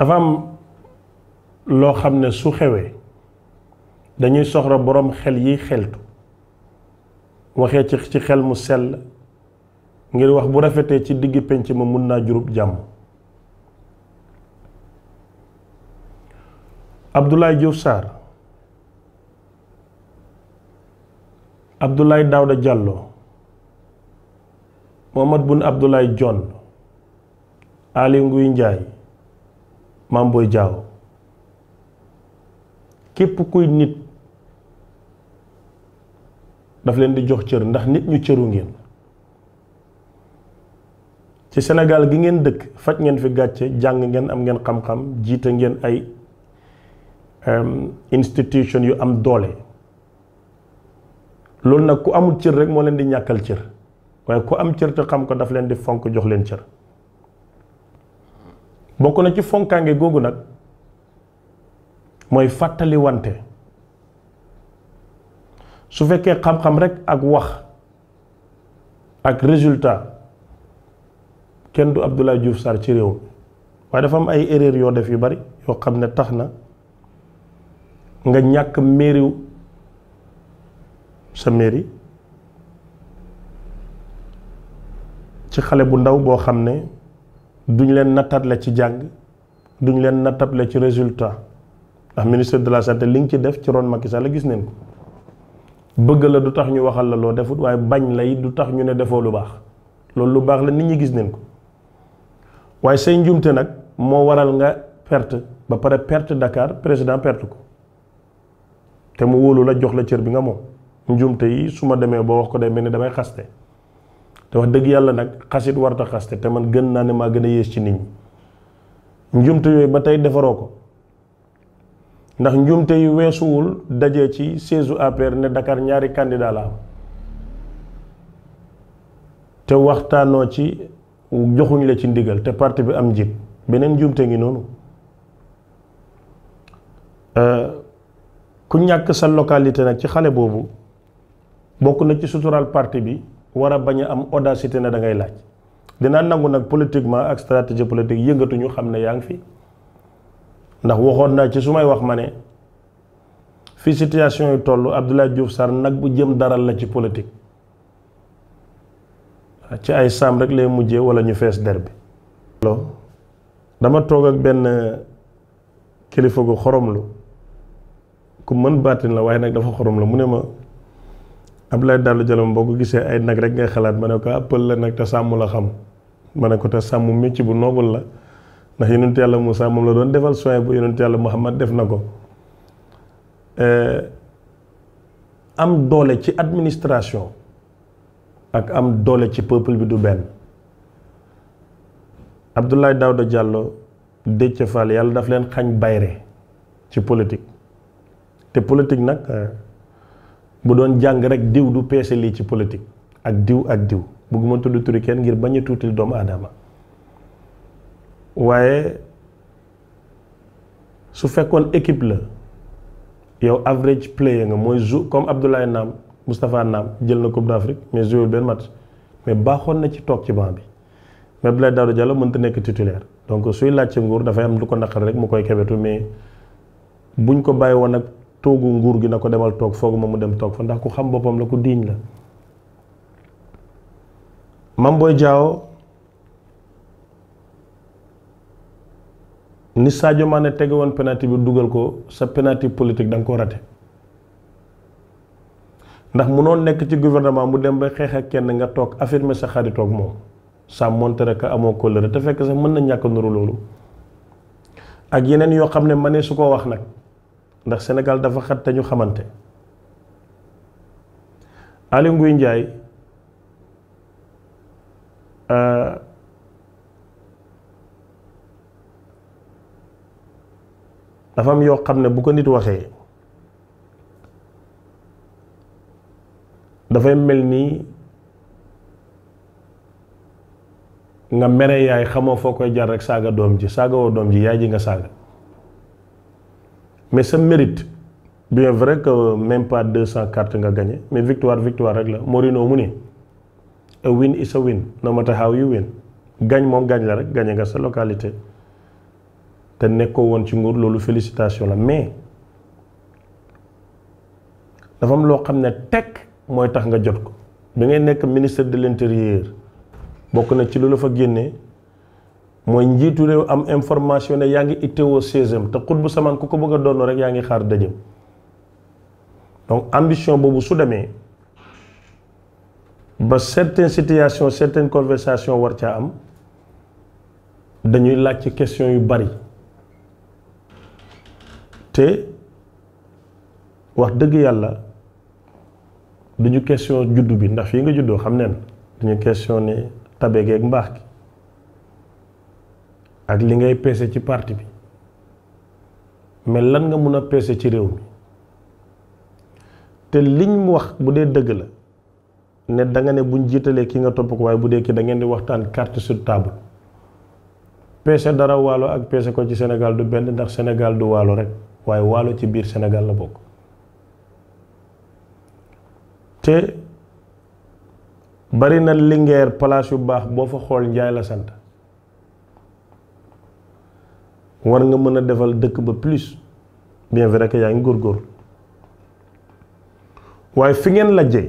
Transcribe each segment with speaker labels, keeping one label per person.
Speaker 1: dafa am loo xam ne su xewee dañuy soxra boroom xel yiy xeltu waxee ci ci xel mu sell ngir wax bu rafetee ci digg pénc mu mun naa jurub jàmm Abdoulaye Diouf Sarr Abdoulaye Daouda Diallo Mohamed Boun Abdoulaye Dionne Ali Nguy Ndiaye maam booy jaaw képp kuy nit daf leen di jox cër ndax nit ñu cëru ngeen ci senegal gi ngeen dëkk faj ngeen fi gàcce jàng ngeen am ngeen xam-xam jiite ngeen ay institution yu am doole loolu nag ku amul cër rek moo leen di ñàkkal cër waaye ku am cër te xam ko daf leen di fonk jox leen cër bokk na ci fonkaange googu nag mooy fàttali wante su fekkee xam-xam rekk ak wax ak résultat kenn du Abdoulaye Diouf Sarr ci réew mi waaye dafa am ay erreur yoo def yu bari yoo xam ne tax na nga ñàkk mairie sa mairie ci xale bu ndaw boo xam ne duñ leen nattable ci jàng duñ leen nattable ci résultat ndax ministre de la santé li nga ci def ci ron Macky Sall gis neen ko bëgg la du tax ñu waxal la loo defut waaye bañ lay du tax ñu ne defoo lu baax loolu lu baax la nit ñi gis neen ko waaye say njumte nag moo waral nga perte ba pare perte Dakar président perte ko te mu wóolu la jox la cër bi nga moom njumte yi su ma demee boo wax ko day mel ni damay xaste te wax dëgg yàlla nag xasit warta xaste te man gën naa ne maa gën a yées ci nit ñi njumte yooyu ba tey defaroo ko ndax njumte yu weesuwul daje ci siège APR ne Dakar ñaari candidat la am te waxtaanoo ci joxuñ la ci ndigal te parti bi am njiit beneen njumte ngi noonu euh, ku ñàkk sa localité na ci xale boobu bokk na ci suturaal parti bi war a bañ am audacité na da ngay laaj dinaa nangu nag politiquement ak stratégie politique yëngatuñu xam ne yaa ngi fi ndax waxoon naa ci su may wax ma ne fi situation yi toll Abdoulaye Diouf sar nag bu jëm daral la ci politique ci ay saam rek lay mujje walla ñu fees der bi dama toog ak benn kilifa gu xorom lu ku mën baatin la waaye nag dafa xorom la mu ne ma Abdoulaye Daouda Diallo boo ko gisee ay nag rek ngay xalaat ma ne ko ah pël la nag te sàmm la xam ma ne ko sàmm métier bu noble la ndax yonent yàlla Moussa moom doon defal soin bu yonent yàlla Muhammad def na ko eh, am doole ci administration ak am doole ci peuple du benn Abdoulaye Daouda Diallo Déthié Fall yàlla daf leen xañ bayre ci politique te politique nag eh, bu doon jàng rek diw du peese lii ci politique ak diw ak diw bëgguma tudd turi kenn ngir bañ a tuutil doomu aadama waaye su fekkoon équipe la yow average player nga mooy jou comme Abdoulaye Naam Moustapha Naam jël na Coupe d'Afrique mais joué benn mat mais baaxoon na ci toog ci banc bi mais Abdoulaye Daouda Diallo mënta nekk titulaire donc suy laaj nguur dafay am du ko naqar rek mu koy kebetu mais buñ ko bàyyi woon ak toogu nguur gi na ko demal toog fooguma mu dem toog fa ndax ku xam boppam la ku diiñ la Mame Boye Diao ni Sadio Mané tege woon penalty bi dugal ko sa penalty politique da nga ko rate ndax munoon nekk ci gouvernement mu dem ba xeex kenn nga toog affirmer sa xaritoog moom sa montre que amoo kóllëre te fekk sax mën na ñàkk nuru loolu ak yeneen yoo xam ne ma ne su ko wax nag ndax senegal dafa xat te xamante Aly Ngouille Ndiaye euh, dafa am yoo xam ne bu ko nit waxee dafay mel nii nga mere yaay xamoo foo koy jar rek saaga doom ji saaga doom ji yaay ji nga saaga mais sa mérite bien vrai que même pas deux cent cartes nga gañe mais victoire victoire rek la Mourinho mu ne a win is a win no matter how you win gañ moom gañ la rek gañe nga sa localité te nekkoo woon ci nguur loolu félicitation la mais dafa am loo xam ne tekk mooy tax nga jot ko bi ngay nekk ministre de l'intérieur bokk na ci lu la fa génnee mooy njiitu réew am information ne yaa ngi itteewoo seizième te xut bu samaan ku ko bëgg a doon rek yaa ngi xaar dëjëm donc ambition boobu su demee ba certaines situations certaines conversations war caa am dañuy laaj ci question yu bari te wax dëgg yàlla duñu question juddu bi ndax fii nga juddoo xam neen duñu question ne tabe geeg mbaax gi ak li ngay peese ci parti bi mais lan nga mun a peese ci réew mi te liñ wax bu dee dëgg la ne danga ne buñ jiitalee ki nga topp ko waaye bu dee ki da ngeen di waxtaan carte su table peese dara waalo ak peese ko ci senegal du benn ndax Sénégal du waalo rek waaye waalo ci biir Sénégal la bokk te bari na Linguère place yu baax boo fa xool Njaay la sant war nga mën a defal dëkk ba plus bien vrai que yaa ngi góor waaye fi ngeen lajjee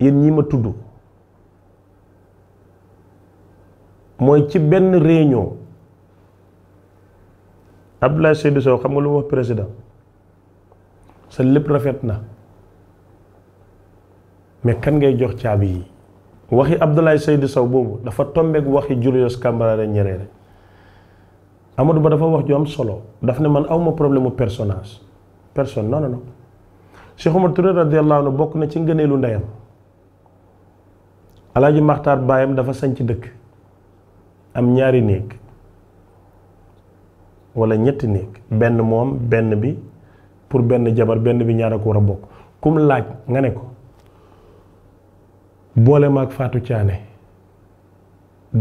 Speaker 1: yéen ñi ma tudd mooy ci benn réunion Abdoulaye Seydou Sow xam nga lu mu wax président sa lépp rafet na mais kan ngay jox caabi yi waxi Abdoulaye Seydou saw boobu dafa tombeek waxi Julius Cambara ñeree rek Amadou Ba dafa wax ju am solo daf ne man awma problème mu personnage personne non non non Cheikh Omar Touré radiyallahu bokk na ci ngëneelu ndeyam Alaaji Maxtaar baayam dafa sañc dëkk am ñaari néeg wala ñetti néeg benn moom benn bi pour benn jabar benn bi ñaar ko war a bokk kum laaj nga ne ko boole ma ak Fatou Thiané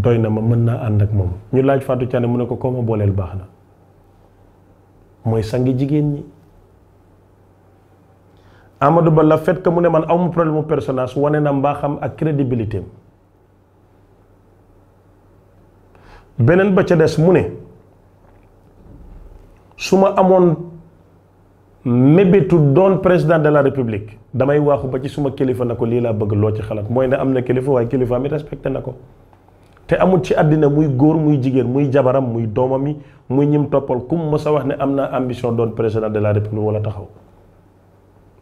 Speaker 1: doy na ma mën naa ànd ak moom ñu laaj Fatou Thiané mu ne ko koo ma booleel baax na mooy sangi jigéen ñi Amadou Ba la fet que mu ne man aw ma problème mu personnage wane na mbaaxam ak crédibilité beneen ba ca des mu ne su ma amoon mébétu doon président de la république damay waaxu ba ci suma kilifa na ko lii laa bëgg loo ci xalaat mooy ne am na kilifa waaye kilifa mi respecté na ko te amul ci àddina muy góor muy jigéen muy jabaram muy doomam yi muy ñim toppal kum mës a wax ne am na ambition doon président de la république wala taxaw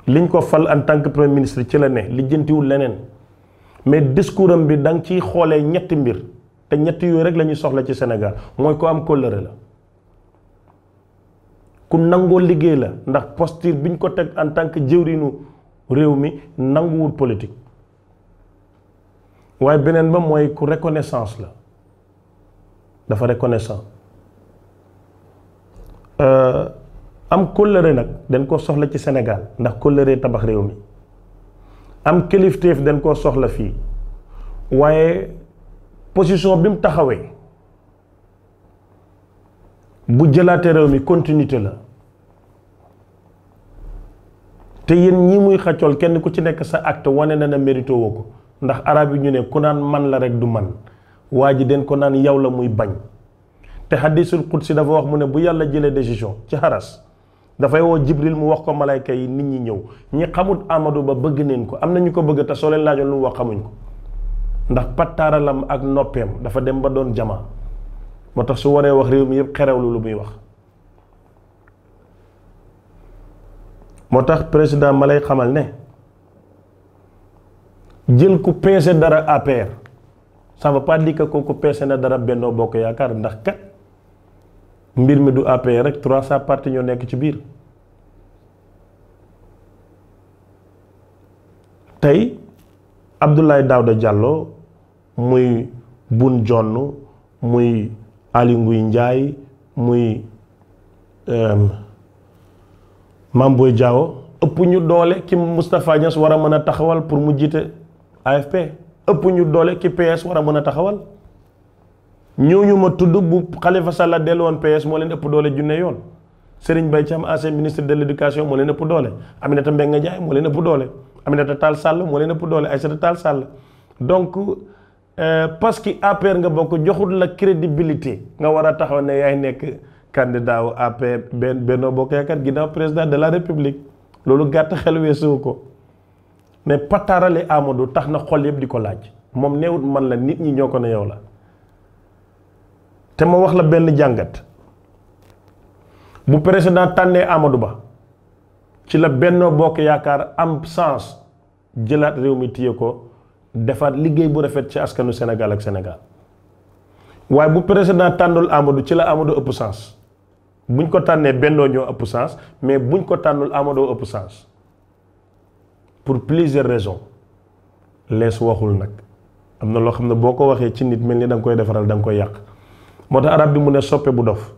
Speaker 1: liñ ko fal en tant que premier ministre ci la ne lijjantiwul leneen mais discours am bi danga nga ciy xoolee ñetti mbir te ñetti yooyu rek la ñuy soxla ci senegal mooy ko am kóllëre la ku nangoo liggéey la ndax posture biñ ko teg en tant que jëwriñu réew mi nanguwul politique waaye beneen ba mooy ku reconnaissance la dafa reconnaissant euh, am kóllëre nag dañ koo soxla ci senegal ndax kóllëre tabax réew mi am kilifteef dañ koo soxla fii waaye position bi mu taxawee bu jëlaate réew mi continuité la te yéen ñi muy xaccool kenn ku ci nekk sa acte wane na na mérito woo ko ndax arab yi ñu ne ku naan man la rek du man waa ji den ko naan yow la muy bañ te xadisul qudsi dafa wax mu ne bu yàlla jëlee décision ci xaras dafay woo jibril mu wax ko malayka yi nit ñi ñëw ñi xamut amadu Ba bëgg neen ko am na ñu ko bëgg te soo leen laajoon lu mu wax xamuñ ko ndax pattaralam ak noppeem dafa dem ba doon jama moo tax su waree wax réew mi yëpp xerewlu lu muy wax moo tax président ma lay xamal ne jël ku peese dara APR ça veut pas dire peese na dara Benno Bokk Yaakaar ndax kat mbir mi du APR rek trois 300 parti ñoo nekk ci biir tey Abdoulaye Daouda jàlloo muy bun jonn muy Aly Ngouille njaay muy euh, Mame Boye Diao ëpp ñu doole ki Moustapha Niass war a mën a taxawal pour mu jiite AFP ëpp ñu doole ki PS war a mën a taxawal ñu ma tudd bu xalifa Sall dellu woon PS moo leen ëpp doole junne yoon Serigne Mbaye Thiam ancien ministre de l' éducation moo leen ëpp doole Aminata Mbengue Ndiaye moo leen ëpp doole Aminata Tall Sall moo leen ëpp doole Aïssata Tall Sall donc euh, parce que APR nga bokk joxul la crédibilité nga war a taxaw ne yaay nekk candidat wu APR benn Benno Bokk Yaakaar ginnaaw président de la république loolu gàtt xel weesuwu ko. mais pataarale Amadou tax na xol yëpp di ko laaj moom neewut man la nit ñi ñoo ko ne yow la te ma wax la benn jàngat bu président tànnee Amadou Ba ci la Benno Bokk Yaakaar am sens jëlaat réew mi téye ko defaat liggéey bu rafet ci askanu senegal ak senegal waaye bu président tànnul Amadou ci la amado ëpp sens buñ ko tànnee Benno ñoo ëpp sens mais buñ ko tànnul amadoo ëpp sens pour plusieurs raisons lees waxul nag am na loo xam ne boo ko waxee ci nit mel ni da koy defaral da nga koy yàq moo tax arab bi mu ne soppe bu dof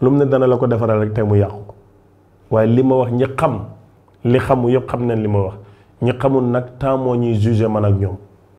Speaker 1: lu mu ne dana la ko defaral rek tey mu yàqu ko waaye li ma wax ñi xam li xamu yëpp xam ne li ma wax ñi xamul nag temps moo ñuy jugé man ak ñoom